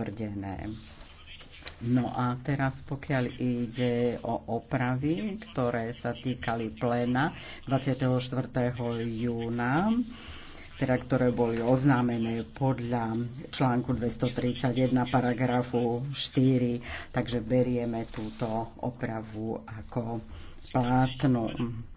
potvrdené. No a teraz pokiaľ ide o opravy, ktoré sa týkali pléna 24. júna, teda ktoré boli oznámené podľa článku 231 paragrafu 4, takže berieme túto opravu ako plátnu.